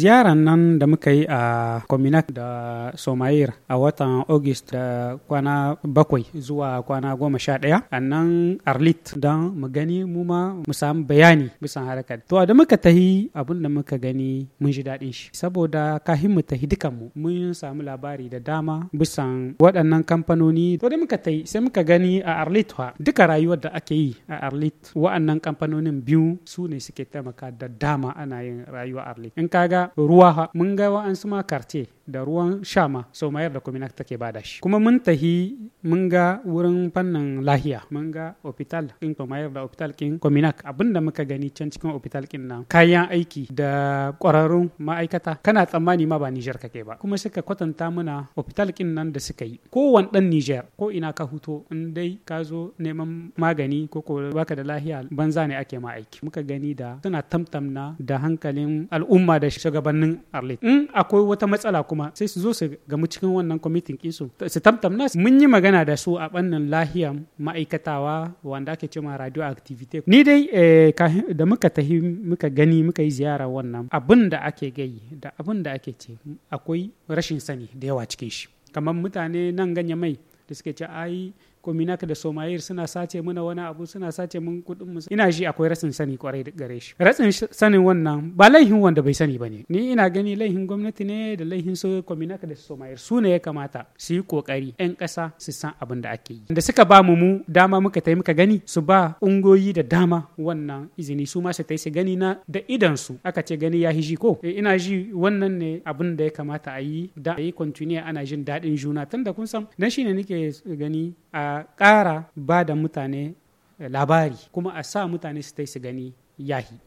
Ziyaran nan da muka yi a Kominak da Somayir a watan August da eh, kwana bakwai zuwa kwana goma sha ɗaya a nan Arlit don mu gani mu ma mu samu bayani bisan harkar. To da muka tahi abin da muka gani mun ji daɗin shi. Saboda kahin mu tahi dukanmu mun samu labari da dama bisan waɗannan kamfanoni. To da muka tahi sai muka gani a Arlit wa duka rayuwar da ake yi a Arlit waɗannan kamfanonin biyu su ne suke taimaka da dama ana yin rayuwa Arlit. In kaga ruwa mun ga wa'ansu ma karte da ruwan sha ma so mayar da kuminak take bada shi kuma mun tahi mun ga wurin fannin lahiya mun ga hospital din to mayar da hospital kin kuminak abinda muka gani can cikin hospital kin nan kayan aiki da kwararrun ma'aikata kana tsammani ma ba Niger kake ba kuma suka kwatanta muna hospital kin nan da suka yi ko wan dan Niger ko ina ka huto in dai ka zo neman magani ko ko baka da lahiya banza ne ake ma aiki muka gani da suna tamtamna da hankalin al'umma da shugabannin Arlit in akwai wata matsala kuma kuma sai su zo su gamu cikin wannan kwamitin kisu su na mun yi magana da su a bannin lahiya ma'aikatawa wanda ake cewa radio activity ni dai eh, da muka tahi muka gani muka yi ziyara wannan abin da ake gai da abin da ake ce akwai rashin sani da yawa cikin shi kamar mutane nan ganye mai da suke ce ai kominaka da somayir suna sace mana wani abu suna sace mun kuɗin mu ina shi akwai rasin sani kwarai da gare shi rasin sanin wannan ba laihin wanda bai sani bane ni ina gani laihin gwamnati ne da laihin so kominaka da somayir su ne ya kamata su yi kokari yan ƙasa su san abin da ake yi da suka ba mu mu dama muka tai muka gani su ba ungoyi da dama wannan izini su ma su tai su gani na da idan su aka ce gani ya hiji ko eh, ina ji wannan ne abin da ya kamata a yi da yi continue ana jin daɗin juna tunda kun san dan shine nake gani a ƙara ba da mutane labari kuma a sa mutane su tai su gani yahi